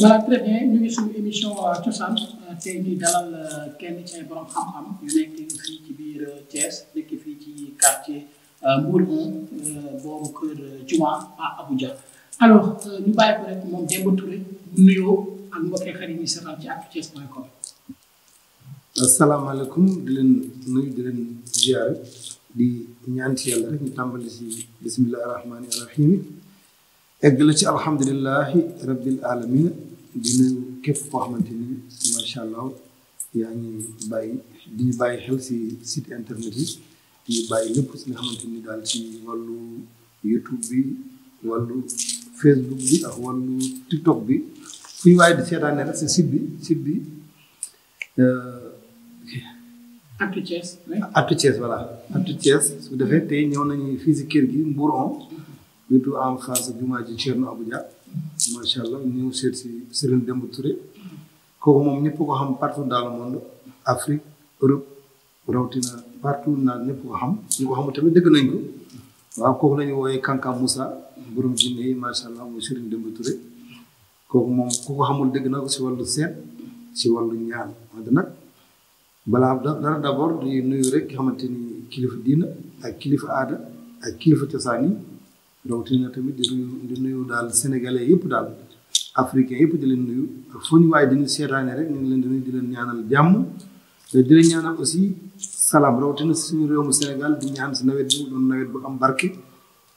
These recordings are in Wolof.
voilà très bien ñu ngi suñu émission euh, cosaan euh, tey ñu dalal euh, kenn ci ay borom xam-xam yu nekk fii ci biir Thiès nekk fii ci quartier Mbour boobu kër Juma à Abuja alors ñu bàyyi ko rek moom Demba Touré mu nuyoo ak mbokki xarit yi seetaan ci actuthies.com. asalaamaaleykum di leen nuyu di leen ziare di ñaan ci yàlla rek tàmbali si bisimilah rahmaani rahim egg la ci alhamdulilahi rabbil alamin di nuyu képp koo xamante ni macha allah yaa ngi bàyyi di ñu bàyyi xel si site internet yi ñu bàyyi lépp si nga xamante ni daal ci wàllu YouTube bi wàllu Facebook bi ak wàllu TikTok bi fu ñu di seetaanee rek si site bi site bi. Euh, Actu Thiès. Actu Thiès voilà Actu Thiès su defee tey ñëw nañu fii si kër gi Mbour on surtout en face jumaa ji Thierno Abuja macha allah ñu seet si Serigne Demba Touré kooku moom ñëpp ko xam partout dans le monde Afrique Europe rawatina partout naan ñëpp ko xam ñu xamul tamit dëgg nañ ko waaw kooku la ñu wooyee Kanka Moussa borom jinne yi macha allah mooy Serigne Demba Touré kooku moom ku xamul dëgg na ko si wàllu seet si wàllu ñaan wante nag balaa dara d'abord di nuyu rek xamante ni kilifa diina ak kilifa aada ay kilifa cosaan rawatina tamit na tamit di nuyu daal sénégalais yëpp daal africain yëpp di leen nuyu fu ñu waaye dañu seetaane rek ñu leen di di leen ñaanal jàmm euh, di leen ñaanal aussi salaam rawatina suñu réew mu Sénégal di ñaan si nawet bi mu doon nawet bu am barke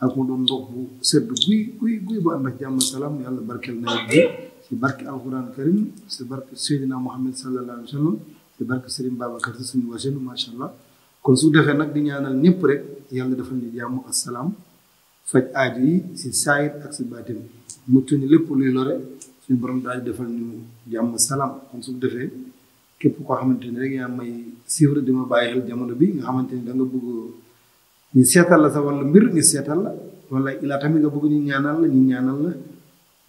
ak mu doon ndox bu sedd guy guy guy bu ànd ak jàmm salaam yàlla barkeel nawet bi si barke alquran karim si barke Seydina Mohamed sallallahu alayhi wa sallam si barke Serigne Babacar si suñu wajenu macha allah kon su defee nag di ñaanal ñëpp rek yàlla defal ñu jàmm ak faj aaju yi si saayir ak si baatin muccu ni lépp luy lore suñu borom daal defal defal ñu jàmm salaam kon su defee képp koo xamante ni rek yaa may suivre di ma bàyyi xel jamono bi nga xamante ni da bëgg ñu seetal la sa wàllu mbir ñu seetal la wala tamit nga bëgg ñu ñaanal la ñu ñaanal la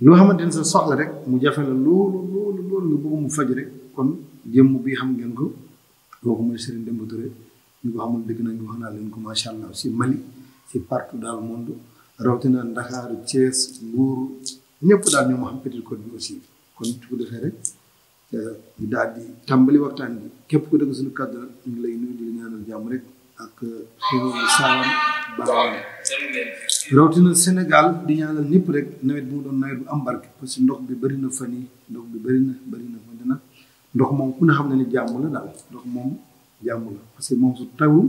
loo xamante ni sa soxla rek mu jafe la loolu loolu loolu nga bëgg mu faj rek kon jëmm bi xam ngeen ko kooku mooy Serigne Demba Touré ñu ko xamul dëgg nañu wax naa leen ko macha allah si Mali. di partout dans le monde rawatina Ndakaaru Thiès Mbuur daal ñoo ma xam Petite Côte bi aussi kon su ko defee rek ñu daal di tàmbali waxtaan bi képp ku dégg suñu kàddu ñu lay nuyu jàmm rek ak xéwal saawaan baawaan rawatina Sénégal di ñaanal ñëpp rek nawet bu mu doon nawet bu am barke parce ndox bi bëri na fan yi ndox bi bëri na bëri na ndox moom ku ne xam ne ni jàmm la daal ndox moom jàmm la parce que moom su tawul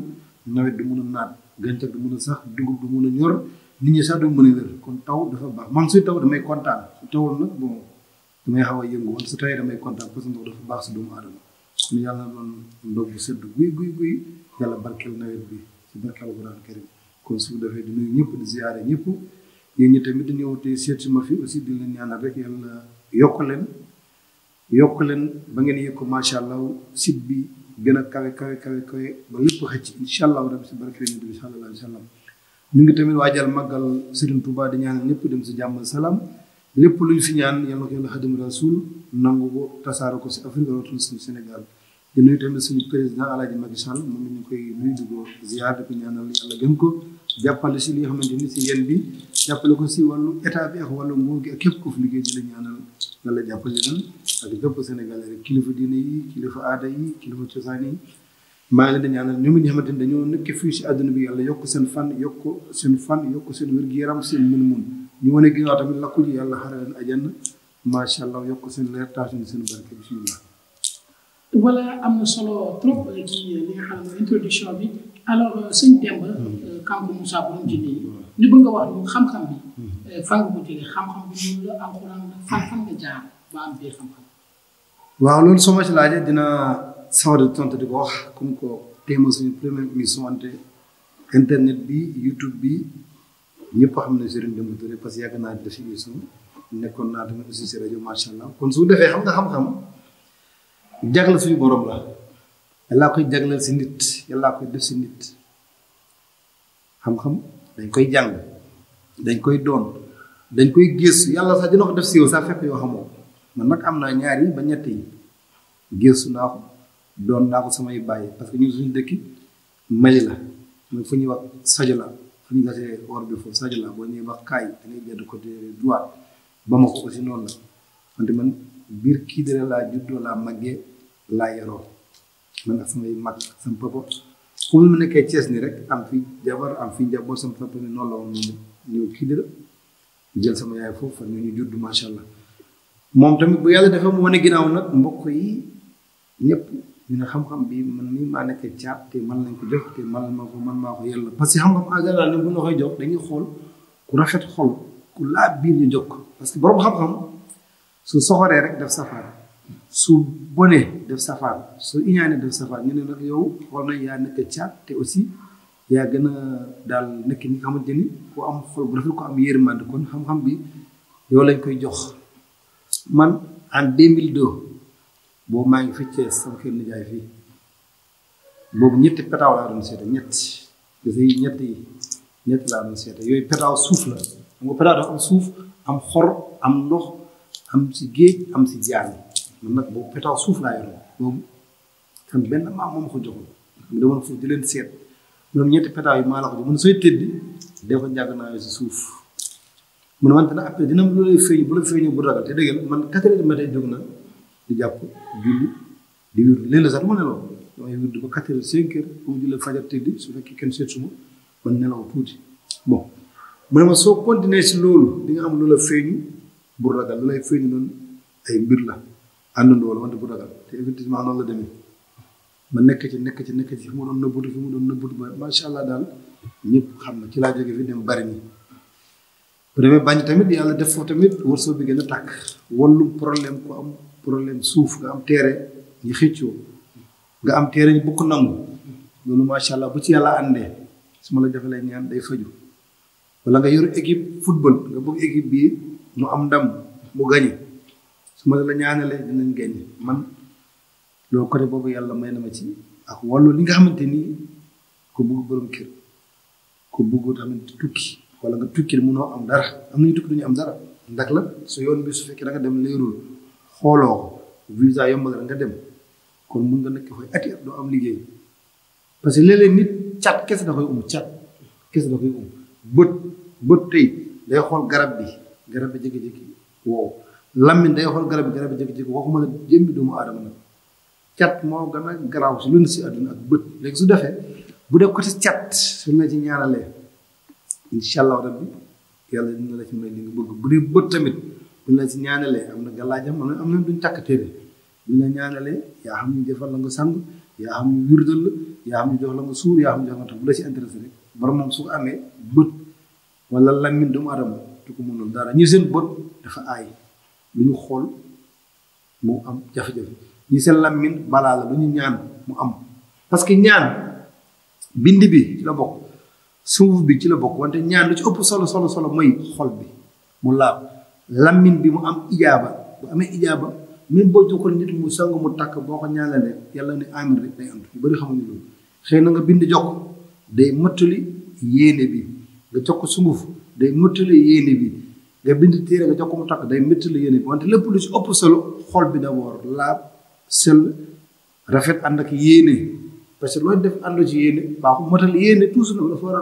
nawet du mun a naat gàncax du mën a sax dugub du mën a ñor nit ñi sax du mën a wér kon taw dafa baax man suy taw damay kontaan su tawul nag bon xaw a yëngu su tawee damay kontaan parce dafa baax si doomu aadama kon yàlla doon ndox bu sedd guy guy guy yàlla barkeel nawet bi si barke alquran karim kon su defee di nuyu ñëpp di ziare ñëpp yéen ñi tamit di ñëw te seet ma fi aussi di leen ñaanal rek yàlla yokk leen yokk leen ba ngeen yëg ko macha allah site bi. gën a kawe kawe kawe ba lépp xëcc incha allahu rabbi si barke yonent ngi tamit waajal màggal Serigne Touba di ñaanal dem si jàmm salaam lépp luñ fi ñaan yal na ko yàlla xadim rasul nangu ko tasaare ko si Afrique rawatina suñu Sénégal di nuyu tamit suñu président Alaaji Macky Sall moom ñu koy nuyu di ko ziar di ko ñaanal yàlla gën ko jàppale si li nga xamante ni si yéen bi jàppale ko si wàllu état bi ak wàllu nguur gi ak képp ku fi liggéey di la ñaanal yàlla jàppale leen ak bépp Sénégalais rek kilifa diine yi kilifa aada yi kilifa cosaan yi maa ngi leen a ñaanal ñoom it nga xamante nekk fii si bi yàlla yokk seen fan yokk yokk seen wér-gu-yaram seen mën-mën ñu wane ginnaaw tamit lakku ji yàlla xare leen àjjana macha allah yokk seen leer taas na seen barke bisimilah. am solo trop ci li nga xam ne introduction bi alors euh, sëñ Demba. Hmm. Euh, Kanku Moussa borom li bëgg nga wax moom xam-xam bi. Eh, fan nga ko jógee xam-xam bi ñu la am waaw loolu soo ma ci laajee dinaa sawar a wax comme que téema suñu première émission wante internet bi YouTube bi ñëpp xam ne Serigne Demba Touré parce que yàgg naa def émission nekkoon naa tamit aussi si rajo macha allah kon su defee xam nga xam suñu borom la. yàllaa koy jagleel si nit yàllaa koy def si nit xam-xam. dañ koy jàng dañ koy doon dañ koy gëstu yàlla sax dina ko def siiw sax fekk yoo xamoo man nag am naa ñaari ba ñett yi gëstu naa ko doon naa ko samay bàyyi parce que ñun suñu dëkki Mali la mooy fu ñuy wax Sadiola fu ñu gasee or bi foofu Sadiola boo ñuy wax kaay da ngay jënd côté droit ba ma ko aussi noonu la wante man biir kii dara laa juddoo laa màggee laa yaroo man ak samay mag sama papa ku mu nekkee Thiès ni rek am fi jabar am fi njaboot sama papa ni noonu la woon ñëw kii di la jël sama yaay foofu fan ñu judd macha allah moom tamit bu yàlla defee mu wane ginnaaw nag mbokk yi ñëpp mu ne xam-xam bii man mii maa nekkee caab te man nañ ko jox te man maa ko man maa ko yàlla parce que xam-xam en général ni bu ñu koy jox dañuy xool ku rafet xol ku laab biir ñu jox ko parce que borom xam-xam su soxoree rek daf safara bonee def safaan soo iñaanee def safaan ñu ne nag yow xool nañ yaa nekk caat te aussi yaa gën a daal nekk ñi nga xamante ni ku am xol bu rafet bi yow lañ koy jox man en 2002 boobu maa ngi fi Thiès sama nijaay fii boobu ñetti petaaw laa doon ñetti ñett yi ñett yooyu petaaw suuf la xam nga suuf am xor am ndox am si géej am si jaan man nag boobu pétaw suuf laa yoroon benn maam moom ko joxoon xam dama foofu di leen seet ñoom ñetti pétaw yi maa suuf mu ne dina am looy bu la feeñee bu ragal te jàpp di wir léeg-léeg sax du ma nelaw damay wir di ba quatre heures su fekkee tuuti bon mu ne ma soo continuer si loolu di nga am lu la feeñu bu ragal lu lay feeñu noonu ay mbir la àndandoo la wante bu ragal te effectivement noonu la demee ma nekk ci nekk ci nekk ci fi mu doon nëbbutu fi mu doon nëbbutu ba macha allah daal ñëpp xam na ci laa jóge fi dem bari mi premier bañ tamit yàlla def foofu tamit warso bi gën a tàkk wallu problème ku am problème suuf nga am teere ñu xëccoo nga am teere ñu bokk nangu loolu macha allah bu ci yàlla àndee su ma la defalee ñaan day faju wala nga yor équipe football nga bëgg équipe bii mu am ndam su ma la ñaanalee dinañ génn man loolu côté boobu yàlla may na ma ci ak wàllu li nga xamante ni ku bugg borom kër ku bëgg tamit tukki wala nga tukki munoo am dara am nañu tukki duñu am dara ndax la su yoon bi su fekkee da nga dem leerul xooloo ko visa yomb la nga dem kon mun nga nekk fay ati at doo am liggéey parce que léeg nit cat kes da koy um cat kese da koy um bët bët tey day xool garab bi garab bi jékki-jékki wow lammiñ day xool garab garab yi jékki-jékki waxuma la jëmmi doomu aadama cat moo gën a garaaw si lu ne si àdduna ak bët léegi su defee bu dee côté cat suñ la ci ñaanalee incha allah rabbi yàlla dina la ci may li nga bu dee bët tamit buñ la ci am na gàllaajam am am na duñ takk téere buñ yaa xam ñu defal la nga sang yaa xam ñu wirdal yaa xam ñu jox la nga suur yaa xam ñu jox la nga tax moom su amee wala lammiñ doomu aadama tu ko mënul dara ñu seen bët dafa aay lu ñu xool mu am jafe-jafe ñu seen làmmiñ balaa la lu ñu ñaan mu am parce que ñaan bind bi ci la bokk suuf bi ci la bokk wante ñaan lu ci ëpp solo solo solo mooy xol bi mu laab làmmiñ bi mu am ijaaba bu amee ijaaba même boo joxoon nit mu sang mu takk boo ko ñaanalee yàlla ne amin rek day am ñu bari xamuñu loolu xëy na nga bind jox day mottali yéene bi nga jox ko sunguf day mottali yéene bi nga bind téere nga jox ko mu takk day métti la yéene bi wante lépp lu ci ëpp solo xol bi d'abord laa sell rafet ànd ak yéene parce que looy def ànd ci yéene baaxu matal yéene toujours dafa war a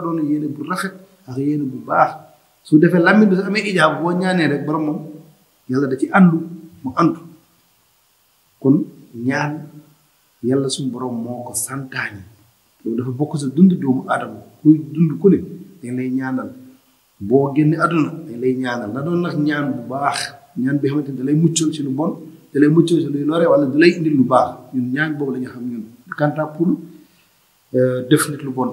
bu rafet yéene bu baax su defee lamine bi su amee ijaab boo ñaanee rek borom moom yàlla da ci àndu mu àndu kon ñaan yàlla suñu borom moo ko santaani loolu dafa bokk sa dund doomu aadama kuy dund ku ne dañ lay ñaanal boo génnee àdduna dañ lay ñaanal na doon nag ñaan bu baax ñaan bi xamante ne lay muccal ci lu bon da lay muccal ci luy lore wala da lay lu baax ñun ñaan boobu la ñu xam ñun kanta pour euh, def bon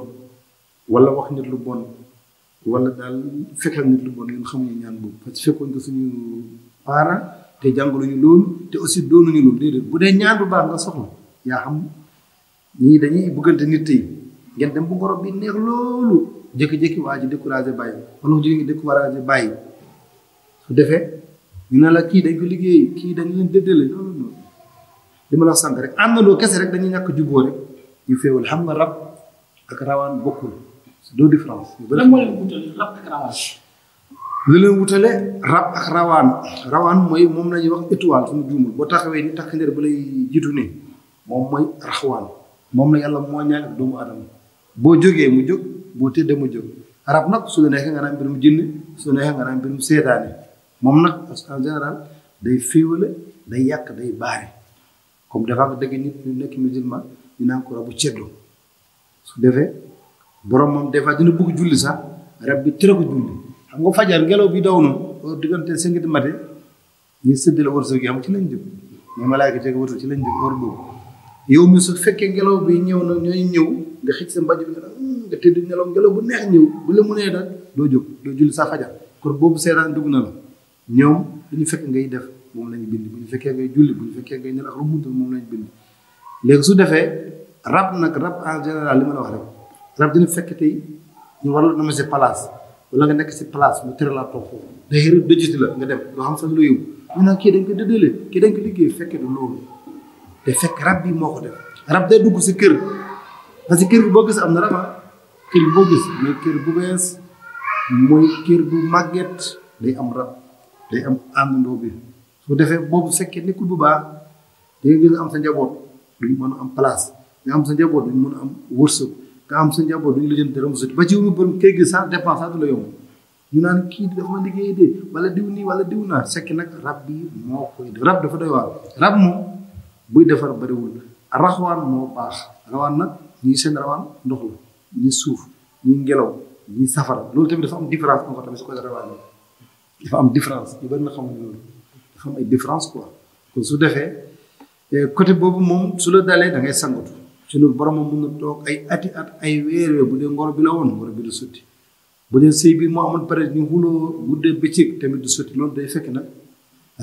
wala wax nit lu bon wala daal fekkal nit lu bon ñun xamuñu ñaan boobu parce que fekkoon ko suñu parent te jàngaluñu loolu te aussi doonuñu loolu bu dee ñaan bu baax nga soxla yaa xam ñii dañuy bëggante nit tey ngeen dem bu borom bi neex loolu jékki-jékki waa ji découragé bàyyi wala mu jékki découragé bàyyi su defee la kii dañ liggéey kii dañ leen dëddale loolu noonu li ma la sànq rek àndandoo kese rek dañuy ñàkk juboo rek ñu féewal xam nga rab ak rawaan bokkul doo deux différences. lan moo leen wutale rab ak rawaan. rawaan mooy moom la ñuy wax étoile su mu juumul boo taxawee ni takk ndeer bu lay jiitu ne moom mooy raxwaan moom na yàlla moo ñaan ak doomu aadama. boo jógee mu jóg boo tëddee mu jóg rab nag su la mu nga naan mbirum jinne su la neexee nga naan mbirum seetaane moom nag parce que en général day féewale day yàq day baare comme defaa am dëgg nit ñu nekk musulman ñu ko rabu ceddo su defee borom moom des fois dina bëgg julli sax rab bi tere ko julli xam nga fajar ngelaw bi daw na diggante cinq du matin ñu séddale wërsëg yi am ci lañ jóg mais malaayka teg wërsëg ci lañ jóg wër boobu yow mi su fekkee ngelaw bi ñëw na ñooy ñëw nga xëj sa mbàjj bi nga hmm, nga tëdd nelaw ngelaw bu neex ñëw bu la mënee daal doo jóg doo julli sa fajar kon boobu seetaan dugg na la ñoom lu ñu fekk ngay def moom lañu bind bu ñu fekkee ngay julli bu ñu fekkee ngay nelaw lu mu moom lañu su defee rab nag rab en général li ma la wax rek rab dina fekk ñu war la na si place wala nga nekk si place mu tëral laa toog foofu day rëb la nga dem doo xam sax lu yóbbu kii dañ ko dëddale kii dañ ko liggéey fekkee du loolu te fekk rab bi moo ko def rab day dugg si kër parce que kër gi boo gis am na rab kër gi boo gis mais kër bu bees mooy kër bu màgget day am rab day am àndandoo bi su defee boobu fekkee nekkul bu baax da nga gis am sa njaboot duñ a am place nga am sa njaboot mën a am wërsëg nga am sa njaboot duñ la jënd dara mu ba ci wu borom gi sans dépense du la yomb ñu naan kii dafa liggéey de wala diw nii wala diw naa fekk nag rab bi moo koy rab dafa doy waar rab moom buy defar bariwul raxwaan moo baax raxwaan nag. ñii seen rawaan ndox la ñii suuf ñii ngelaw ñii safara loolu tamit dafa am différence encore tamit su ko rawaanee dafa am différence yu bëri na xamul loolu dafa am ay différence su defee eh, côté boobu moom su la dalee da ngay sangatu suñu borom moom mun na toog ay ati at ay weer bu dee ngoro bi la woon ngoro bi du sotti bu dee sëy bi moo amoon pare ñu xuloo guddee bëccëg tamit du sotti loolu day fekk nag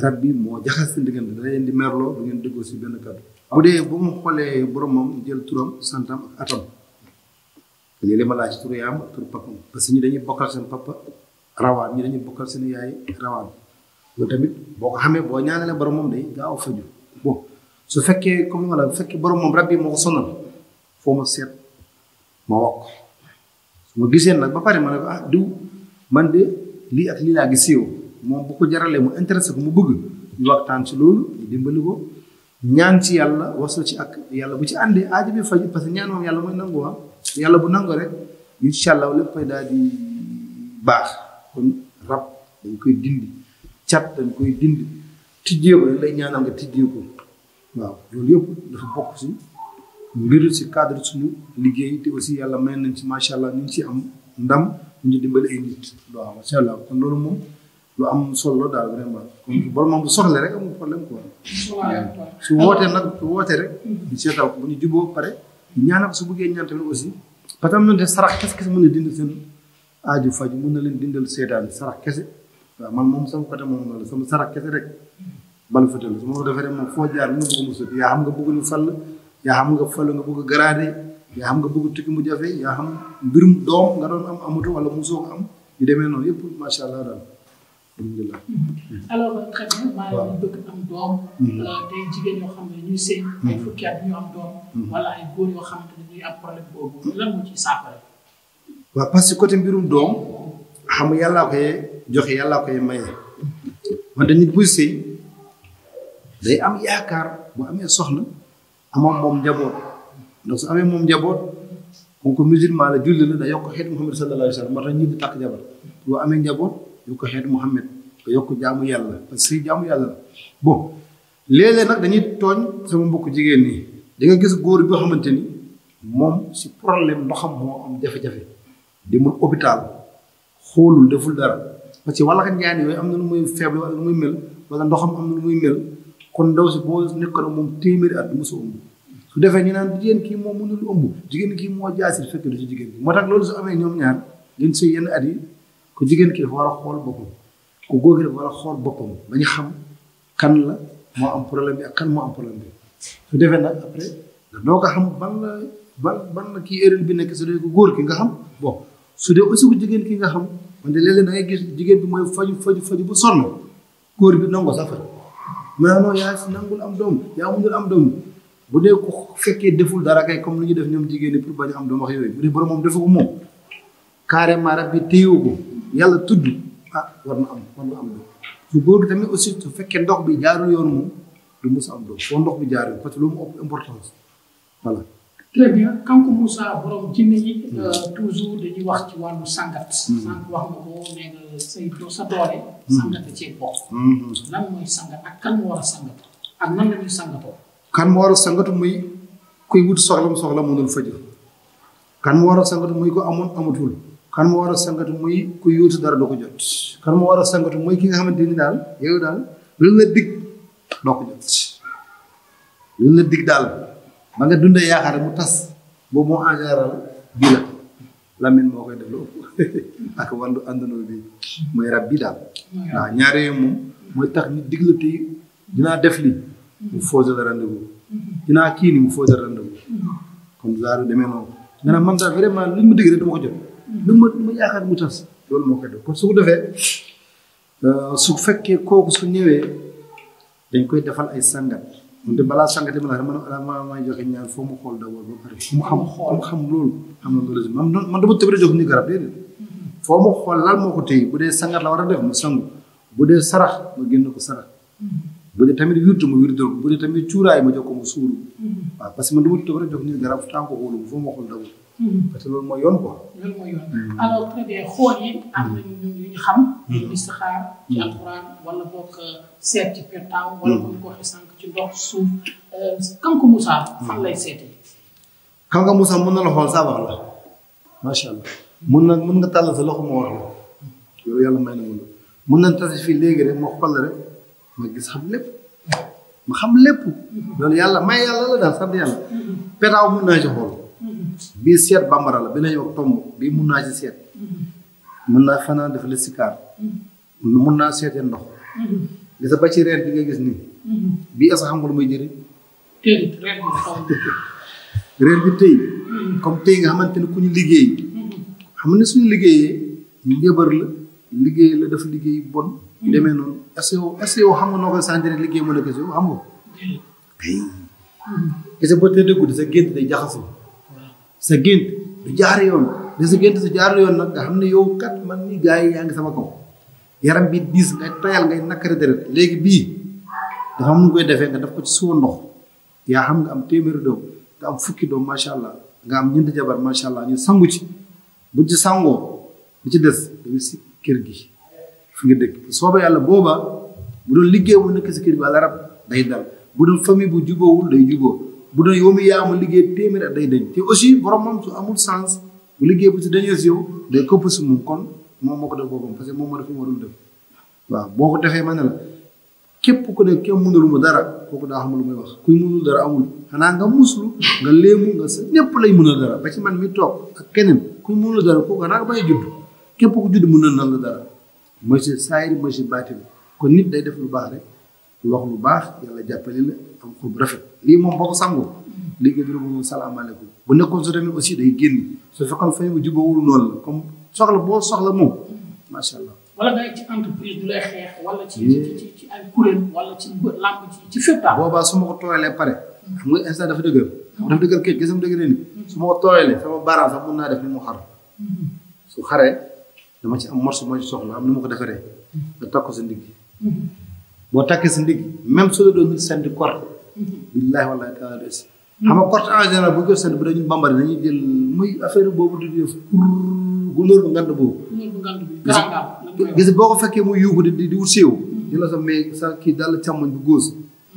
rab bi moo jaxas seen diggante da leen di merloo du ngeen déggoo si benn kàddu bu dee bu mu xoolee boromam jël turam santam ak atam léeg-léeg ma laaj tur yaam ak parce que ñi dañuy bokkal seen papa rawaan ñi dañuy bokkal seen yaay rawaan loolu tamit boo ko xamee boo ñaanalee boromam day gaaw a faju su fekkee comme wala bu fekkee boromam rab bi moo ko sonal foo ma seet ma wax su ma gisee nag ba pare ma a ko ah, diw man de lii ak lii laa gis yow moom bu jaralee mu intéressé ko mu bëgg ñu waxtaan ci loolu ñu dimbali ko. ñaan ci yàlla waslu ci ak yàlla bu ci àndee aajo bi parce que ñaan moom yàlla mooy nangu waa ah. yàlla bu nangu rek incha allah léppay daal di baax kon rab dañ koy dindi cat dañ koy dindi tijjeeku rek lay ñaanal nga tijjeeku waaw loolu yëpp dafa bokk si mbiru si cadre suñu liggéey te aussi yàlla may nañ ci macha allah ñu ngi am ndam ñu dimbal ay nit waaw macha allah kon moom. lu am solo daal vraiment. borom moom bu soxla rek amul su wootee nag rek. ñu seetal ko bu ñu juboo pare. ñaanal ko su bëggee ñaan tamit aussi. parce na de sarax kese kese mën na dindal seen aaju na leen dindal seetaan sarax kese. waaw man moom sama côté moom loolu sama sarax kese rek. balu fa tamit su ma ko defee jaar mu bëgg mu sotti yaa xam nga bëgg ñu fal yaa xam nga fal nga bëgg garaade yaa xam nga bëgg tukki mu jafe yaa xam mbirum doom nga doon am amatu wala mu am yu demee noonu yëpp macha allah daal alhamdulilah. Mhm. alors euh, très mhm. mhm. parce que côté mbirum doom xam nga yàllaa koy joxe yàllaa koy maye wante nit buy sëy day am yaakaar bu amee soxna amoon moom njaboot ndax su amee moom njaboot kon ko musulman la julli la da yokk xeet Muhammad sallallahu alayhi moo tax ñu takk jabar boo amee njaboot. ñu ko xeet Muhammad ba yokk jaamu yàlla parce que jaamu yàlla la bon nag dañuy tooñ sama mbokk jigéen nii da nga gis góor bi xamante ni moom si problème ndoxam moo am jafe-jafe demul hôpital xoolul dara parce que wala ñaan yooyu am na muy faible wala nu muy wala ndoxam am na muy mel kon ndaw si boo nekkoon moom téeméeri at du mos ëmb su defee ñu naan jigéen kii moo mënul ëmb jigéen kii moo jaasir fekk du ci jigéen bi moo tax loolu su amee ñoom ñaan ngeen sëy yenn at yi ku jigéen ki dafa war a xool boppam ku góor ki dafa xool boppam ba xam kan la moo am problème bi ak kan moo am problème bi su defee nag après doo ko xam ban la ban ban la kii erreur bi nekk su dee ko góor ki nga xam bon su dee aussi ku jigéen ki nga xam de léeg-léeg gis jigéen bi mooy faju faju faju bu sonn góor bi nangu sax faj mais ah non yaa nangul am doom yaa amul am doom bu dee ku fekkee deful dara kay comme lu ñu def ñoom jigéen ñi pour bañ am doom wax yooyu bu dee borom moom defu ko moom carrément rab bi téyewu ko. yàlla tudd ah war na am war na am doom su góor gi tamit aussi su fekkee ndox bi jaarul yoon moom du mos am doom foo ndox bi jaarul parce que loolu mu ëpp importance voilà. très bien Kankou Moussa hmm. euh, sangat. Hmm. sànq wax sa doole. Hmm. sangat sangat ak kan moo war a sangat ak nan la ñuy sangatoo. kan moo war a sangatu muy kuy wut soxlam soxla mënul faju kan moo war a sangatu muy ko amoon amatul. kan moo war a sangatu muy ku dara du ko jot kan mu war a sangatu ki nga xamante ni daal yow daal lu la dig doo ko jot lu la dig daal ba nga dundee yaakaar mu tas boobu moo en général bii la Lamine moo koy def bi daal waaw ñaari moom mooy tax ñu dig la tey dinaa def li mu fausse le rendez mm-hmm. dinaa kii ni mu fausse le rendez-vous mm-hmm. kon daal demee noonu nga ne man daal vraiment li mu dig rek dama ko jot lu ma lu ma yaakaar mu tas loolu moo koy def kon su ko defee euh, su fekkee kooku su ñëwee dañ koy defal ay sangat te balaa sangat yi ma la wax man maa maa joxe ñaan foo mu xool d'abord ba pare mu xam mu xam loolu xam na loolu man man dama tëb rek jox ni garab déedéet foo mu xool lan moo ko téye bu dee sangat la war a def mu sangu bu dee sarax ma génn ko sarax bu dee tamit wirtu ma wirtu bu dee tamit cuuraay ma jox ko mu suuru mm-hmm. waaw parce que man dama tëb rek jox ni garab tànk xoolu foo mu xool d'abord Mm-hmm. parce que loolu mooy yoon quoi. loolu mooy yoon mm-hmm. alors très bien xool yi am na mm-hmm. ñu ñu xam. ñu saxaar ci alxuraan wala boog euh, seet ci pertaaw. wala comme ko waxee sànq ci ndox suuf. Euh, Kanku Moussa. fan lay seetee. Kanku Moussa mën na la xool saabar la macha allah mën na mën nga tàllal sa loxo ma wax la loolu yàlla may na mën mën nañ tase fii léegi rek ma xool rek ma gis xam lépp ma xam lépp loolu yàlla may yàlla la daal sant yàlla pertaaw mën naa ci xool. bii seet bambara la bi lay tomb bii mun naa ci seet mm-hmm. mun naa fanaan def la sikaar mm-hmm. mun naa seetee ndox mm-hmm. gisa ba ci reen bi nga gis nii bii est-ce que xam nga xamante ne ku ñu liggéey xam ne suñu liggéeyee njëbar la liggéey la def liggéey bon demee noonu est-ce que est-ce que yow xam nga noo koy sentir liggéey mu nekk si yow xam nga kay gisa ba tëddee guddi sa gént day jaxasoo sa gént du jaar yoon de sa gént su jaar yoon nag nga xam yow kat man ni gars yi yaa nga sama kaw yaram bi diis ngay tayal ngay nakkari deret léegi bii dafa mu nu koy defee nga def ko ci suwa ndox yaa xam nga am téeméeri doom nga am fukki doom macha allah nga am ñeenti jabar macha allah ñu sangu ci buñ ci sangoo bu ci des dañu si kër gi fi nga dëkk sooba yàlla booba bu liggéey bu nekk si kër gi wala rab day dal bu doon famille bu jubóowul day jubóo bu doon yow mi yaa ma liggéey téeméer at day dañ te aussi borom moom su amul sens bu liggéey bu si dañoo si yow day këpp si moom kon moom moo ko def boppam parce que moom moo def mu warul def waaw boo ko defee ma ne la képp ku ne kenn mënul ma dara kooku daa xamul lu muy wax kuy mënul dara amul xanaa nga muslu nga léemu nga sa ñëpp lay mënal dara ba ci man mi toog ak keneen kuy mënul dara kooku xanaa nga bañ a judd képp ku judd mënal na la dara mooy si saayir mooy si baatin kon nit day def lu baax rek wax lu baax yàlla jàppale la am xol bu rafet lii moom boo ko sangoo lii nga jël moom bu nekkoon su tamit aussi day génn su fekkoon fay bu jubawul noonu la comme soxla boo soxla moom macha allah. wala ci ci ay kuréel ci làmb boobaa su ma ko tooyalee pare. xam nga instant dafa dëgër. dafa dëgër kii gis nga dëgër nii. su ma ko tooyalee sama baaraam sax mun naa def ni mu xar. su xaree dama ci am morceau ma ci soxla am ni ma ko defaree. nga takk ko sa ndigg. Mm-hmm. boo takkee si ndigg même su la sent sant billaahi wallaahi taala des xam nga corte en général bu ñu ko sant bu dañu bambari dañuy jël muy affaire boobu di def gunóor bu ngand boobu gis boo ko fekkee muy yuuxu di di wut siiw ñu hmm. la sax mais sa kii daal càmmoñ bu góos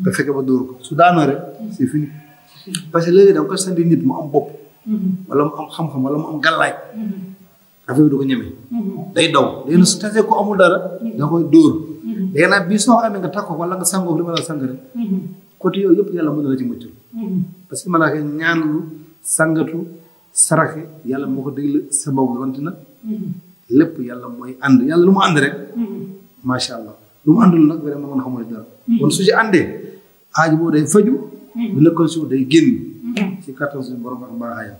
nga hmm. fekkee ba dóor su daanoo rek hmm. fini parce que léegi da nga ko mu am bopp wala mu am xam-xam wala mu am gàllaay affaire bi du ko ñemee day daw léegi su tasee ko amul dara da koy dóor léegi nag bii soo amee nga takk ko wala nga sang côté yooyu yëpp yàlla mën na la ci mucc parce que malaaka ñaanlu sangatu saraxe yàlla moo ko déglu sababu wante na lépp yàlla mooy ànd yàlla lu mu ànd rek macha allah lu mu àndul nag vraiment man xamul dara kon su ci àndee aaju day faju bu nekkoon si day génn ci kattan suñu borom ak baaxaayam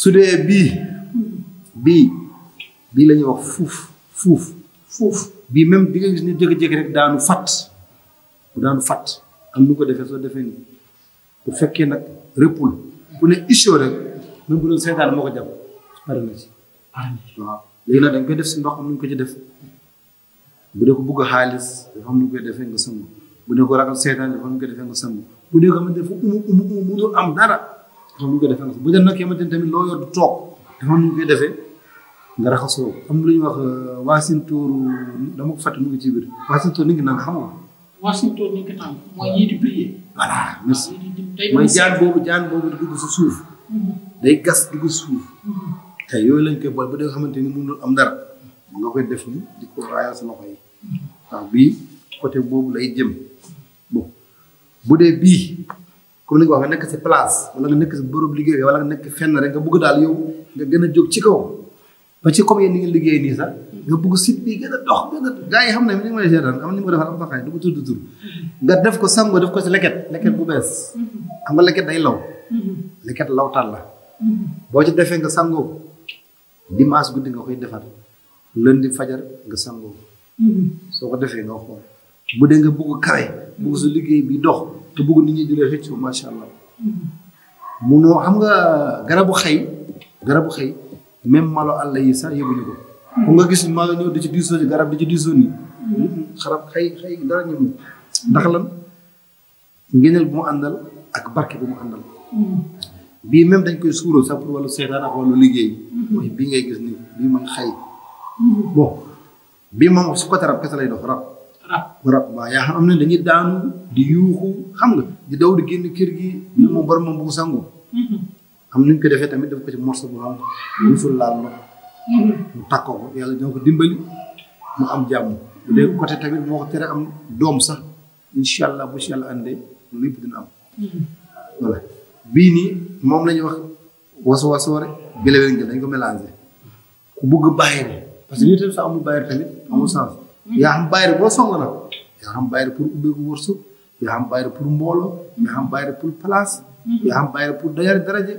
su dee bii bii bii wax fuuf fuuf bii même di nga gis ni jékki-jékki rek daanu fat daanu fat am nu ko defee soo defee ni bu fekkee nag rëppul bu ne issue rek même bu doon seetaan moo ko jàpp pare na ci. waaw léegi nag da nga koy def si ndox am nu ko ci def bu dee ko bugg a xaalis dafa nu koy defee nga sëngu bu dee ko ragal seetaan dafa am nu koy defee nga sëngu bu dee ko xamante ne fu umu am dara dafa am nu koy nga sëngu bu dee nag xamante ne tamit loo yor du toog dafa am nu koy defee nga raxasoo am lu ñuy wax euh, waasintuuru dama ko fàtte mu ngi ci biir waasintuuru ni ngi naan xam nga. Washington ni ko taw mooy yii di prier. jaan boobu jaan boobu di dugg si suuf. Mm-hmm. day gas dugg si suuf. Mm-hmm. te yooyu lañ koy boole ba nga xamante ni mënul am dara mun nga koy def ni di ko raayal sa loxo waaw mm-hmm. bii côté boobu lay jëm bon bu dee bii comme ni nga wax nga nekk si place wala nga nekk si bërëb liggéey wala nga nekk fenn rek nga bugg daal yow nga gën a jóg ci kaw. ba ci comme yéen ni ngeen liggéey nii sax nga bëgg site bi gën dox gën a gaa yi xam ne ni ma lay seetaan am ni ma ko defal am faxaay du tur nga def ko sango def ko ci leket leket bu bees xam leket day law leket lawtal la boo ci defee nga sangoo ko dimanche guddi nga koy defar lundi fajar nga sangoo soo ko defee nga xool bu dee nga bëgg kawe bëgg su liggéey bi dox te bëgg nit ñi jëlee xëcc macha allah noo xam nga garabu xëy garabu xëy même malo àll yi sax yóbbuñu ko. nga gis maa ngi ñëw di ci diisoo ci garab di ci diisoo nii. xarab dara ñëw. ndax lan ngeenal bu mu àndal ak barke bu mu àndal. bii même dañ koy suuroo sax pour wàllu seetaan ak liggéey. bii ngay gis ni bii man xëy. bii moom su ko tarab kese lay dox rab. rab waaw yaa xam ne dañuy daanu di yuuxu xam di daw di génn kër gi. moom borom moom bu sangoo. Mm-hmm. am nañ ko defee tamit def ko ci morceau bu am lu sul mhm. ko yàlla dina ko dimbali mu am jàmm bu dee côté tamit moo ko tere am doom sax incha allah bu si yàlla mhm. bii nii moom la ñuy wax wasu wasoore bile wen dañ ko mélangé ku bëgg bàyyir parce que ñu tamit sa amul bàyyir tamit amul sens mhm. yaa xam bàyyir boo song na yaa xam bàyyir pour ubbeeku wërsëg yaa xam bàyyir pour mbooloo yaa xam bàyyir pour place yaa xam bàyyir pour dayar daraje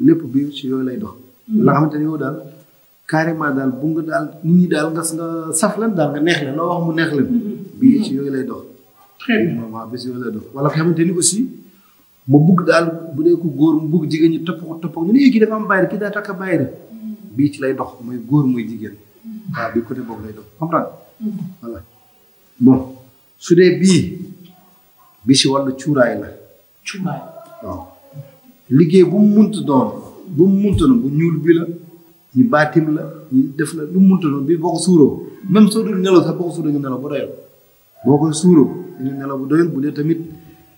lépp bi ci yooyu lay dox. la hmm. xamante ni yow daal carrément daal bu nga daal nit ñi daal nga nga saf leen daal nga neex leen loo wax mu neex leen. Hmm. bii ci yooyu lay dox. très bien waaw bi xamante ni aussi mu bugg daal bu dee ko góor mu bugg jigéen ñi topp ko topp ko ñu eh, daa takk bàyyi hmm. bii ci lay dox mooy góor mooy jigéen. waaw bi côté boobu lay dox bon su dee bii bi ci wàllu cuuraay la. liggéey bu mu muntu doon bu mu bu ñuul bi la ñu baatim la ñu def la lu mu bi doon suuroo même soo dul nelaw sax boo suuroo nga nelaw bu doyal boo ko suuroo nga nelaw bu bu dee tamit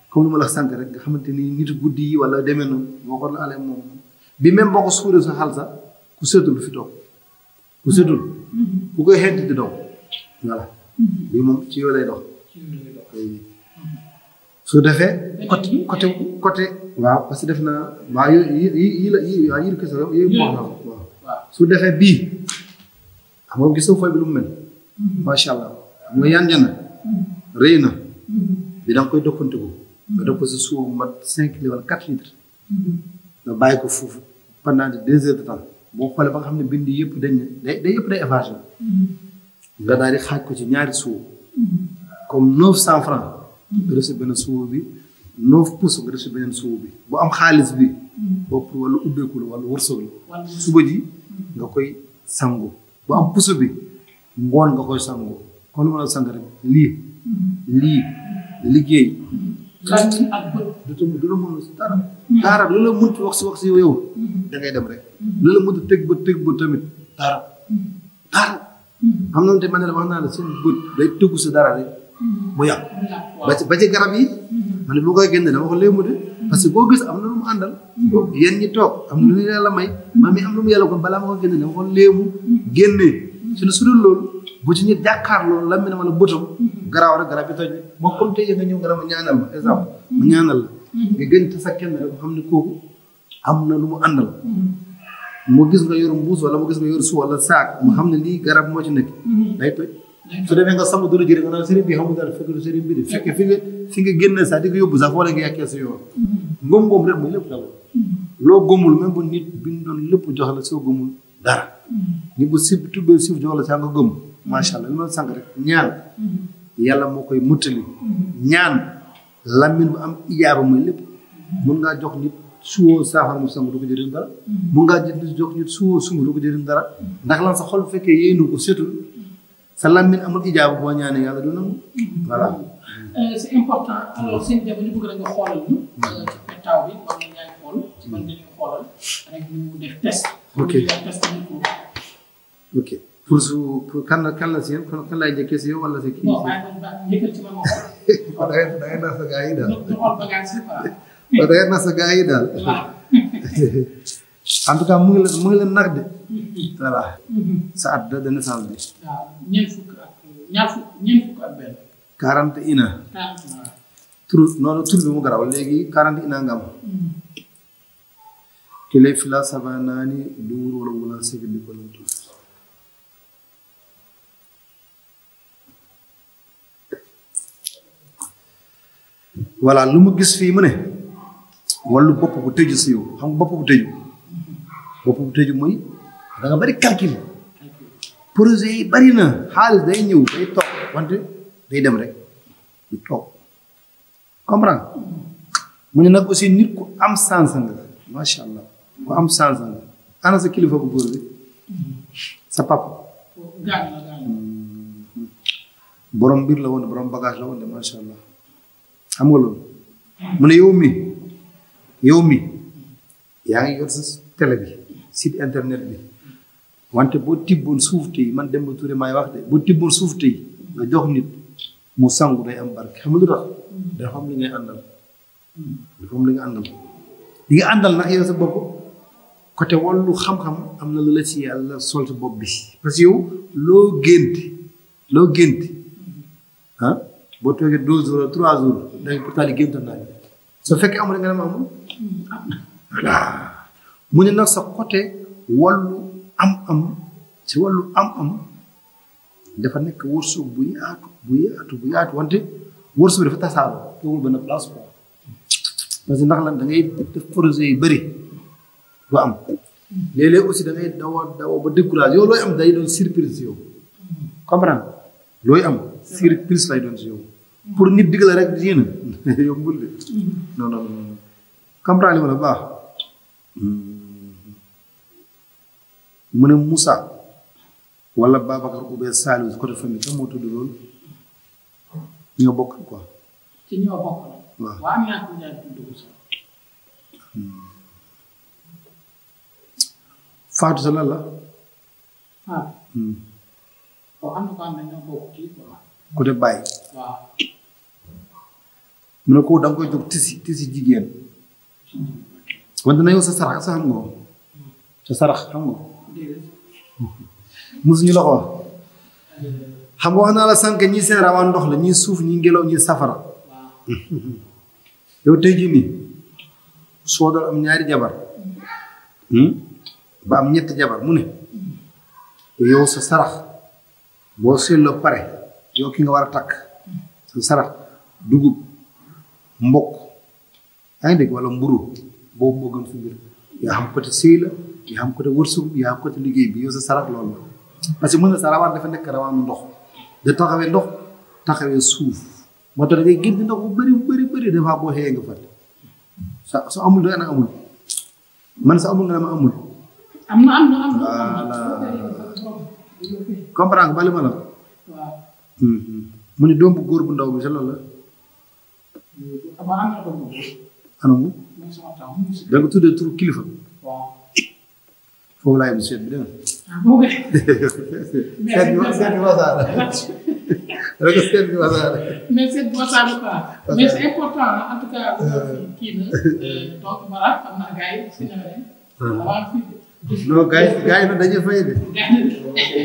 comme lu ma la sant rek nga xamante ni nit guddi yi wala demee noonu boo ko laalee moom bi même boo ko suuroo sa xal sax ku seetul du fi toog ku seetul lu mm-hmm. koy xeet di dox voilà. Mm-hmm. lii moom ci yow lay dox. su defee côté côté côté. waaw parce que def naa waaw yooyu yi yi la yi su defee bii xam nga gisoo fooy bi lu mu mel. Mm-hmm. macha allah mu yànja na mm-hmm. rëy na mm-hmm. bi da nga koy dokkanteku nga def ko si suuf mat cinq litres wala quatre litres nga bàyyi ko foofu pendant deux heures de temps boo xoolee ba nga xam ne bind yëpp dañ ne day day yëpp day évangile nga daal di xaaj ko ci ñaari suuf comme neuf cent francs nga def si benn suuf bi neuf pouces bi bu am xaalis bi. Mm-hmm. boobu pour wàllu ubbeeku la wàllu wërsëg la. suba ji nga koy sangu bu am pouce bi ngoon nga koy sangu kon lu ma la sang lii. lii liggéey. laaj ak bët. du la dem rek. lu teg bët teg tamit dara. dara. xam nga te man de wax naa day tegu dara rek. Mm-hmm. mu yàqu ba ci ba ci garab yi mm-hmm. bu koy génne dama ko léemu de mm-hmm. parce que boo gis am na lu mu àndal yéen ñi toog am na lu yàlla may man mi am lu mu yàlla ko balaa ma ko génne dama ko su ne su bu ci ñu jàkkaarloo lam mi la bëtam garaaw rek garab yi toj moo comme tey nga ñëw nga ma ñaanal ma exemple mu ñaanal la nga gën ta na lu mu àndal mu gis nga yor mbuus wala mu gis nga yor su wala saak mu xam ne lii garab moo ci nekk su demee nga sangu dara jëriñ nga naan sëriñ bi xamul dara fekk lu sëriñ bi de fekk fi fi nga génne sax di ko yóbbu sax wala nga yàkkee sa yoon ngóom lépp dara loo góomul même bu nit bindoon lépp jox la soo góomul dara mm-hmm. ni bu sib tubbee sif jox la sax nga góom macha mm-hmm. allah li ma sànq rek mm-hmm. yàlla moo koy muttali ñaan lamin bu am ijaaba mooy lépp mun ngaa jox nit suwoo saafara mu sangu du ko jëriñ dara mun ngaa jox nit suwoo sungu du ko dara ndax lan xol bu sa làmmiñ amul ijaaba boo ñaanee yàlla du nangu euh, c'est important alors si yéen kan laay jëkkee si yow wala si kii. non njëkkal ci man oh, sa gars daal. da ngay nas sa gars daal. en tout cas mu ngi la mu ngi la nar de. voilà. sa at de naissance bi. waaw tur noonu tur bi mu garaw léegi quarante nga am. Mm-hmm. kile fila saba naani duuru wala wala segi di ko lantu. gis fii mu ne. wàllu bopp bu tëju si yow xam nga bopp bu bopp bu tëju muy bari calcul projet bari na xaalis day ñëw day toog wante day dem rek du toog comprendre mu ne nag aussi nit ku nga macha allah ku am sens nga ana sa kilifa bu góor bi sa borom mbir la woon borom bagage la woon allah xam nga loolu mu ne yaa ngi yor sa site internet bi wante boo tibboon suuf tey man Demba Touré maay wax de boo tibboon suuf tey nga jox nit mu sangu day am barke xam nga lu tax dafa am li ngay àndal dafa am nga àndal li nga àndal nag yow sa bopp côté wàllu xam-xam am na lu la ci yàlla sol sa bopp bi parce que yow loo gént loo génti ah boo toogee deux jours trois jours dañ pourtant li géntoon naa soo fekkee amul nga ne ma mu ne nag sa côté wàllu am-am si wàllu am-am dafa nekk wërsëg bu yaatu bu bu yaatu wante wërsëg bi dafa tasaaroo toogul benn place quoi parce que ndax lan da ngay def projet yu bëri du am aussi da ngay daw a daw ba découragé yow looy am day doon surprise yow comprendre looy am surprise lay doon si yow pour nit digg rek yéen yow mbul de mm-hmm. non non baax mu ne Moussa wala Babacar ou bien Saliou côté famille kan moo tudd loolu ñoo la. Hmm. waaw am naa na ko am ne ko da nga koy jóg tisi tisi jigéen. kon na yow sa sarax sa xam nga hmm. sa sarax xam nga musuñu la ko wax xam la sànq ñii seen rawaan ndox la ñii suuf ñii ngelaw ñii safara yow tey soo doon am ñaari jabar hmm? ba am ñetti jabar mu ne yow sa sarax boo seetloo pare yow ki nga war a takk sa sarax dugub mbokk yaa ngi dégg wala mburu boobu moo gën fi mbir yaa xam côté sëy la yaa am côté wërsëg yaa am côté liggéey bi yow sarax loolu la parce que mën nga sa rawaan dafa nekk rawaanu ndox da taxawee ndox taxawee suuf moo tax génn ndox bu bëri bëri bëri ma la. waaw. Hmm, hmm. mu ne doom góor bu ndaw bi da tur kilifa. foofu laay bu seet bi dégg nga. seet bi seet bi wasaare. rek seet bi wasaare. mais seet bi wasaare quoi. mais c'est important en tout cas. kii na donc voilà xam naa gars yi si non gars yi gars yi dañuy fay de.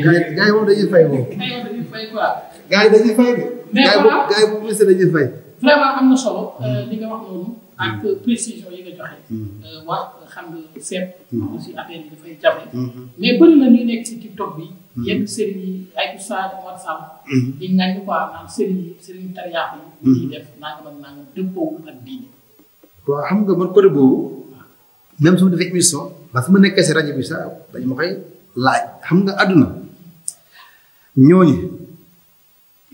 gars yi moom dañuy fay moom. gars yi dañuy fay quoi. gars yi dañuy fay de. mais voilà gars yi moom dañuy fay. vraiment am na solo mm. euh, li nga wax noonu ak mm. précision yi nga joxe. Mm. Euh, wax xam nga seet. aussi affaire yi dafay jafe. Mm-hmm. mais bëri na ñuy nekk ci TikTok bi. yenn sëriñ ay oustaz WhatsApp. di ngañ quoi naan sëriñ yi ak nangam dëppoowul ak diine. waaw nga man côté boobu. même su ma defee émission. parce que ma nekkee si rajo bi sax dañu ma koy laaj. xam nga àdduna ñooñu.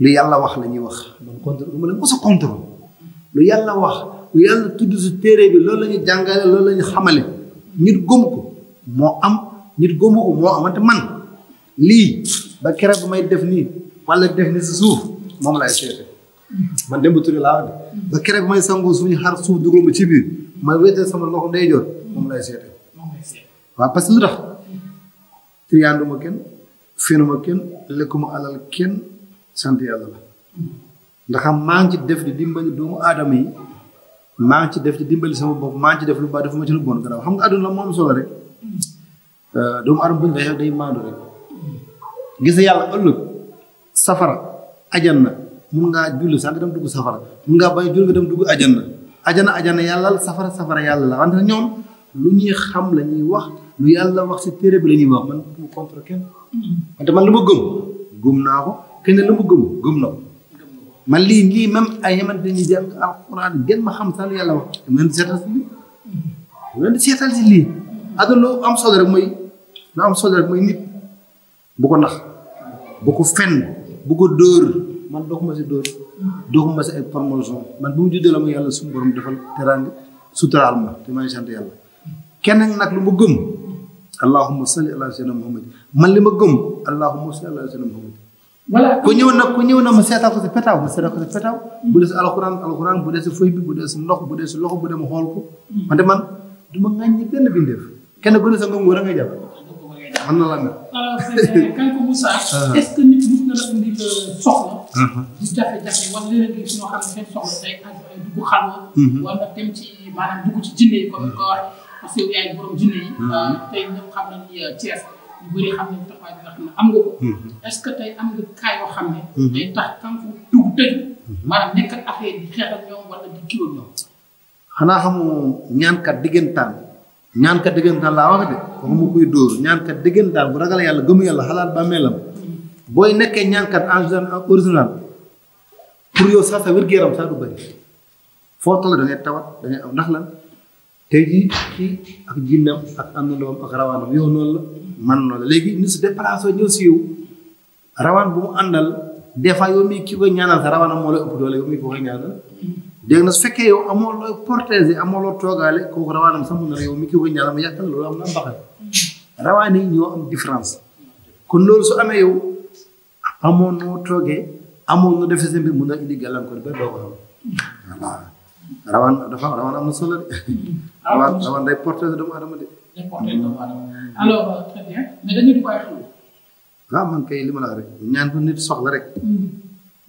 lu yàlla wax la ñuy wax man contre a contre lu yàlla wax lu yàlla tudd si téere bi loolu la ñu jàngale loolu la ñu xamale nit gëm moo am nit gëmu ko moo amante man lii ba keroog may def nii wala def ni si suuf moom laay seete man dem ba ba keroog may sangu suñu xar suuf dugub ci biir ma wéete sama loxo day jot moom laay seete waaw parce lu tax triyaanduma kenn fenuma kenn lekkuma alal kenn sant yàlla la ndax maa ngi ci def di dimbali doomu aadama yi maa ngi ci def di dimbali sama bopp maa ngi ci def lu baax defuma ci lu bon garaaw xam nga àdduna moo am solo rek euh, doomu aadama bu ñu day day maandu rek gis yàlla ëllëg safara ajanna mun ngaa julli sax nga dem dugg safara mun ngaa bañ julli nga dem dugg ajanna ajana ajana yàlla safara safara yàlla la wante ñoom lu ñuy xam la ñuy wax lu yàlla wax si téere bi la ñuy wax man bu contre kenn wante man lu ma gëm gëm naa ko xëy na la mu gëm gëm na man lii lii même ay xamante ni jàng alxuraan gën ma xam sax yàlla wax dama leen di si lii dama leen di si lii aduna lu am solo rek mooy lu am solo mooy nit bu ko nax bu ko fenn bu ko dóor man doxuma si dóor doxuma si ay promotion man bu mu juddee la ma yàlla suñu borom defal teraanga suturaal ma te maa ngi sant yàlla keneen nag lu mu gëm allahumma salli ala sayyidina muhammad man li ma gëm allahumma salli ala sayyidina muhammad voilà ku ñëw na ku ñëw na mu seetal ko si petaaw mu seetal si petaaw. bu dee si alxuraan alxuraan bu dee si fëy bu dee si ndox bu dee si loxo bu dee mu xool ko. Hmm. man ma ŋàññi benn bindeef kenn gënu sa ngóob war a ngay jàpp. na la mel. alors Kanku Moussa. Ah. est-ce que nit mën na euh, mhm. ne yu bëri xam nañ taxawaay bi nga xam am nga ko. Mhm. que tey am nga kaay yoo xam ne. Mhm. day tax kan fu dugg tëj. Mhm. maanaam nekk ak affaire di xeex ak ñoom wala di kii ak ñoom. xanaa xamu ñaankat diggantaan ñaankat diggantaan laa wax de waxuma kuy dóor ñaankat diggantaan bu ragal yàlla gëmu yàlla xalaat bàmmeelam booy nekkee ñaankat en original pour yow sax sa wér-gu-yaram sax du bëri foo toll da tawat da ngay am ndax lan. tey jii kii ak jinnam ak àndandoom ak rawaanam yow noonu la man noonu la léegi ñu si si yow rawaan bu mu àndal des fois yow mii kii koy ñaanal sa rawaanam moo lay ëpp doole yow mii koo koy ñaanal dégg su fekkee yow amoo looy protéger amoo loo toogaale kooku rawaanam sax mun na mii kii koy ñaanal ma yàqal loolu am na mbaxal rawaan yi ñoo am différence kon loolu su amee yow amoon noo toogee amoon noo defee seen mun na indi gàllankoor ba doo ko xam rawaan dafa rawaan am na solo de. rawaan rawaan day porté doomu aadama de. day porté doomu aadama alors euh, très bien mais dañu di bàyyi xel. waaw man kay li ma la rek ñaan bu nit soxla rek. Hmm.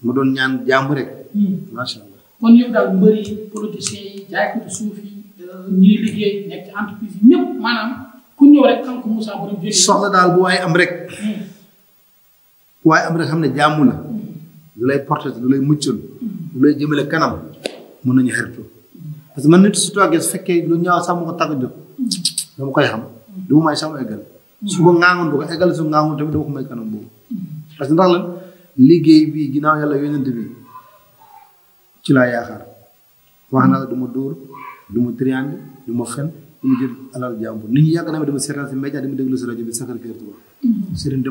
mu doon ñaan jàmm rek. Hmm. macha allah kon yow daal mbëri politiciens yi jaaykatu suuf yi euh, ñuy liggéey nekk entreprise yi ñëpp maanaam ku ñëw rek kan ko Moussa Borom jógee. soxla daal bu waaye am rek. bu hmm. waaye am rek xam ne jàmm la. lu lay porté lu lay muccal. lu lay jëmale kanam. mën nañu xaritu parce que man nit su toogee su fekkee lu ñaaw sax mu ko tax a jóg koy xam du ma may su ko ŋaangoon du ko eggal su ŋaangoon parce que ndax liggéey bi ginnaaw yàlla yonent bi ci laa yaakaar wax na la du ma dóor du ma triande du ma fen du ma jël alal jàmbur nit yàgg na ma dama seetaan si média si rajo bi sakar kër Tuuba Serigne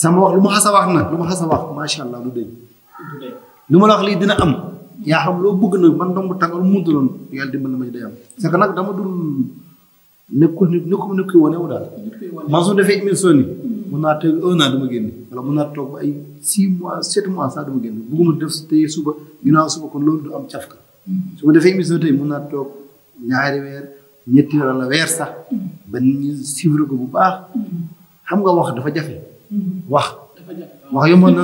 sama wax lu ma xas a wax lu ma a macha allah du dégg lu ma la wax lii dina am yaa xam loo bëgg na man doomu tàngal mu munti doon yàlla dama ma ci day am. parce que nag dama dul nekkul nekkul nekk wane wu daal. man soo defee émission nii. mun naa teg un dama génn wala mun naa toog ay six mois sept mois sax dama génn bëgguma def tey suba ginnaaw suba kon loolu du am cafka. su ma defee émission mun naa toog ñaari weer ñetti weer wala weer sax. ba nit ñi bu baax. nga wax dafa jafe. wax. dafa jafe wax yomb na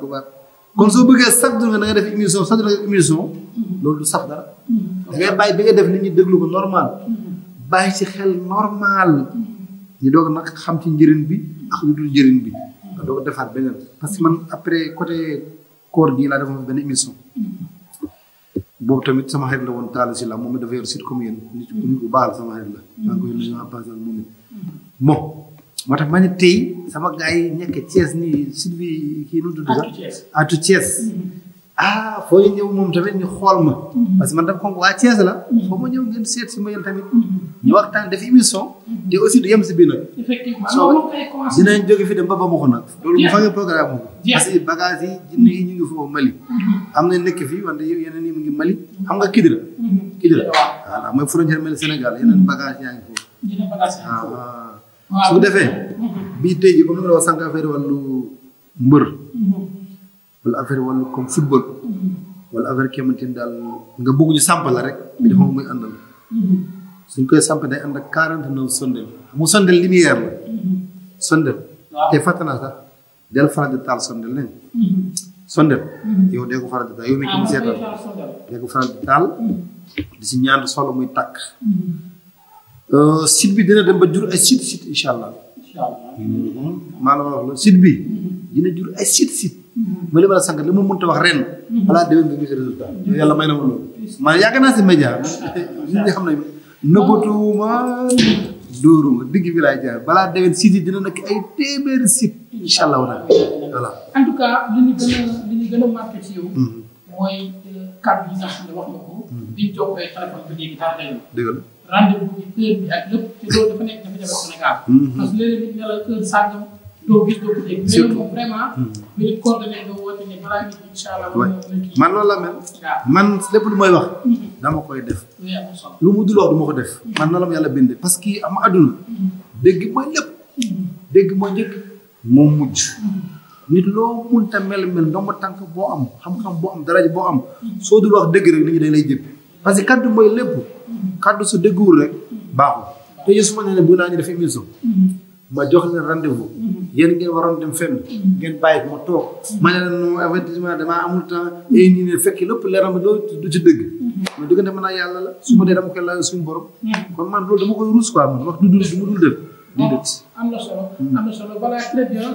te. kon soo bëggee chaque jour nga da def émission chaque jour nga def émission loolu du sax dara mm-hmm. da bàyyi bi nga def nit ñi déglu ko normal mm-hmm. bàyyi si xel normal ñu doog nag xam ci njëriñ bi ak lu dul njëriñ bi nga defaat beneen parce que man après côté koor gii laa defoon benn émission mm-hmm. boobu tamit sama xarit la woon Talla Sylla moom dafa yor site la sama xarit la maa ngi koy nuyu en passant moom it moo tax ma ne tey sama gars yi nekk Thiès nii Sylvie kii nu tudd sax Atou Thiès ah foo ñëw moom tamit ñu xool ma mhm. parce que man dama waa Thiès la mhm. foo ma ñëw seet si ma tamit mhm. ñu waxtaan def émission te aussi du yem si biir nag soo dinañ jóge fi dem ba ba ma ko nag loolu programme parce que bagage jinne yi ñu ngi foofu Mali am na nekk fii wante yeneen yi mu ngi Mali xam nga Kidira Kidira voilà mooy frontière Mali Sénégal yeneen bagage yaa ngi ah, foofu ah. su defee. bii tey jii comme ni ma la wax sànq affaire wàllu mbër. Mm-hmm. wala affaire wàllu comme football. Mm-hmm. wala affaire kéemanti daal nga bëgg ñu samp la rek. bi dafa muy àndal. Mm-hmm. suñ koy samp day ànd ak quarante neuf sondel mu sondel lumière la. sondel. te fàtte sax del faral di taal sondel lañ. sondel. yow dee ko faral di taal yow mii ki mu seetal. Ah, dee ko faral di taal. di si ñaan soxla muy tàkk. Euh, site bi dina dem ba jur ay site site incha allah. incha allah maanaam wax la site bi. dina jur ay site site. ba li ma la sànq li ren. balaa déwén nga gis résultat. yàlla may na ma loolu. man yàgg naa si média nit ñi xam nañu nëbbatuwuma dóoruma digg bi laay jaar balaa déwén site yi dina nekk ay téeméeri site. incha allah wala voilà. en tout rendez-vous bi heure bi man loolu la mel. man lépp lu may wax. Mhm. dama koy def. lu mu dul wax du ko def. Mhm. man noonu la ma yàlla bindee parce que am àdduna. Mhm. dégg mooy lépp. dégg mooy njëkk moo mujj. nit loo munta mel-mel ndomba tànk boo am xam-xam boo am daraja boo am. soo dul wax dëgg rek nit ñi dañ lay jëpp parce que kaddu mooy lépp. kàddu su dëgguwul rek baaxul te yéen su ma nee ne naa ñu def émission mm-hmm. ma jox leen rendez-vous mm-hmm. yéen ngeen waroon dem fenn mm-hmm. ngeen bàyyi ma toog ma ne leen non a damaa amul fekk lépp leeram loolu du ci dëgg mais diggante mën naa yàlla la su ma dee dama koy la suñu borom kon man loolu dama koy ruus quoi du dul du mu dul def oh, am na solo mm. am na solo voilà très bien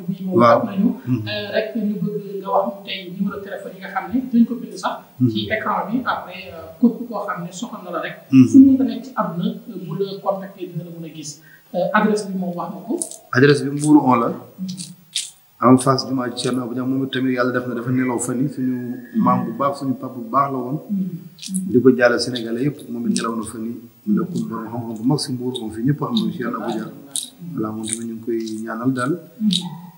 waxtu bi moom wax nañu mm-hmm. euh, rek ñu bëgg nga wax tey numéro téléphone yi nga xam ne dañ ko bind sax ci mm-hmm. écran bi après euh, képp koo xam ne soxal na la rek mm-hmm. fu euh, bu la moom tamit yàlla def na dafa nelaw fan suñu maam bu baax suñu pap bu baax la woon di jàll Sénégalais yëpp moom it nelaw na fan yi nekkul borom xam-xam bu mag si mbuur moom fii ñëpp xam nañu si yàlla bu jàll voilà tamit ñu koy ñaanal daal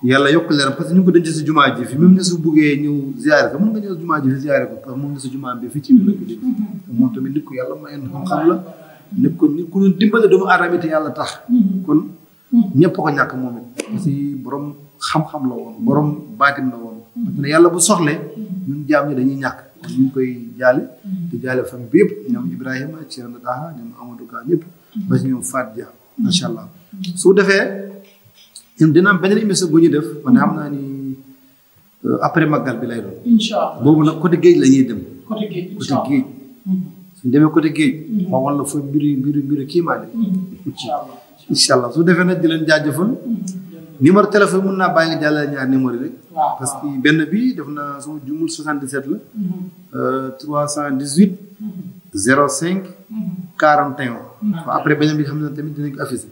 yàlla yokk leeram parce que ñu ngi ko denc si jumaa ji fi même ni su buggee ñëw ziare ko mën nga ñëw jumaa ji fi ko parce que moom si jumaa bi ci biir dëkk ko nit ku doon dimbale doomu aadama te yàlla tax ñëpp ko ñàkk moom it borom xam-xam la woon borom yàlla bu soxlee ñun jaam dañuy ñàkk ñu koy jaale te jaale famille bi yëpp ñoom Ibrahima Thierno Daha ñoom Amadou Ka ñëpp ba si ñoom Faat Dia macha allah su defee dina am beneen émission bu ñu def man xam naa ni euh, après màggal bi lay doon. boobu nag côté géej la dem. côté géej mm-hmm. demee côté géej. Mm-hmm. ma wan la fa mbiru mm-hmm. su defee nag di leen jaajëfal. numéro téléphone mën naa bàyyi nga jàllale ñaar que benn bi def na sama jumul 77 la. 318. 05. 41. waaw après beneen bi xam ne tamit dinañ ko affiché.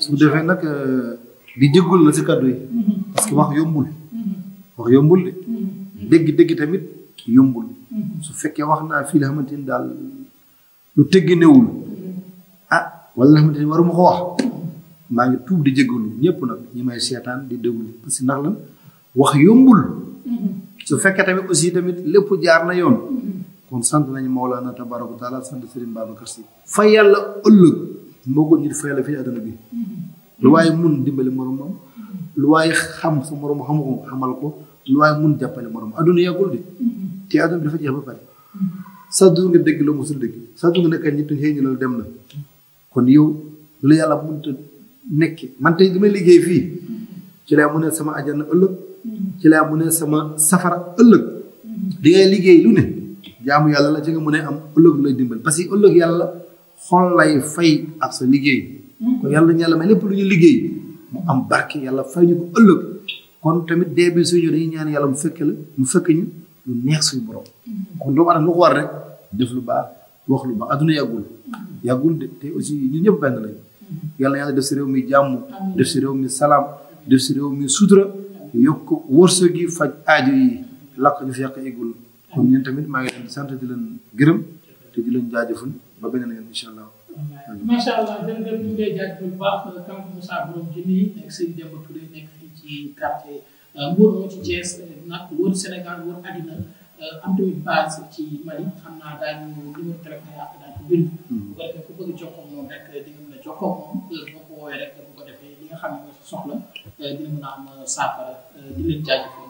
su defee nag. Euh, di jéggul la si kàddu yi parce que wax yombul wax yombul de dégg-dégg tamit yombul su fekkee wax naa fii la xamante ni daal lu teggi newul ah wala la xamante ni waruma ko wax maa ngi tuub di jégalu ñëpp nag ñi may seetaan di déglu parce que ndax lan wax yombul su fekkee tamit aussi tamit lépp jaar na yoon kon sant nañu Mawlana tabaraka taala sant Serigne Babacar Sy fa yàlla ëllëg moo ko nit fa yàlla fii àdduna bi lu waaye mun dimbali moromam lu waaye xam sa morom xamu ko xamal ko lu waaye mun jàppale morom adduna yàggul de mm-hmm. te adduna dafa jeex ba pare mm-hmm. saa du nga dégg dégg saa du nga nekk ñett xëy dem kon yow yàlla mënut a nekki man tey damay liggéey fii mm-hmm. ci laa mu sama ajana ëllëg ci laa mu ne sama safara ëllëg di liggéey lu ne jaamu yàlla la ci nga mën a am ëllëg lay dimbal parce que ëllëg yàlla xol lay fay ak sa liggéey kon yàlla nañu yàlla may lépp lu ñu liggéey mu am barke yàlla fay ñu ko ëllëg kon tamit dee bi suñu dañuy ñaan yàlla mu fekk la mu fekk ñu lu neex suñu borom kon doomu aadama lu ko rek def lu baax wax lu baax adduna yàggul yàggul de te aussi ñun ñëpp benn lañu yàlla yàlla def si réew mi jàmm def si réew mi salaam def si réew mi sutura yokk wërsëg yi faj aajo yi lakk ñu fi yàq eggul kon ñun tamit maa ngi leen sant di leen gërëm te di leen ba beneen yoon incha macha allah jërëjëf ñu ngi lay jaajëfal bu baax Kankou Moussa Borom Djinné ak sëñ Demba Touré nekk fii ci quartier euh, Mbour moo ci Thiès nag wër Sénégal wër àddina euh, am tamit base ci Mali xam naa daañu numéro téléphone yi ak daal di bind. Hmm. bu ko defee ku bëgg a nga euh, ko woowee bu ko defee li xam ne mooy soxla dina mën a am saafara di leen jaajëfal.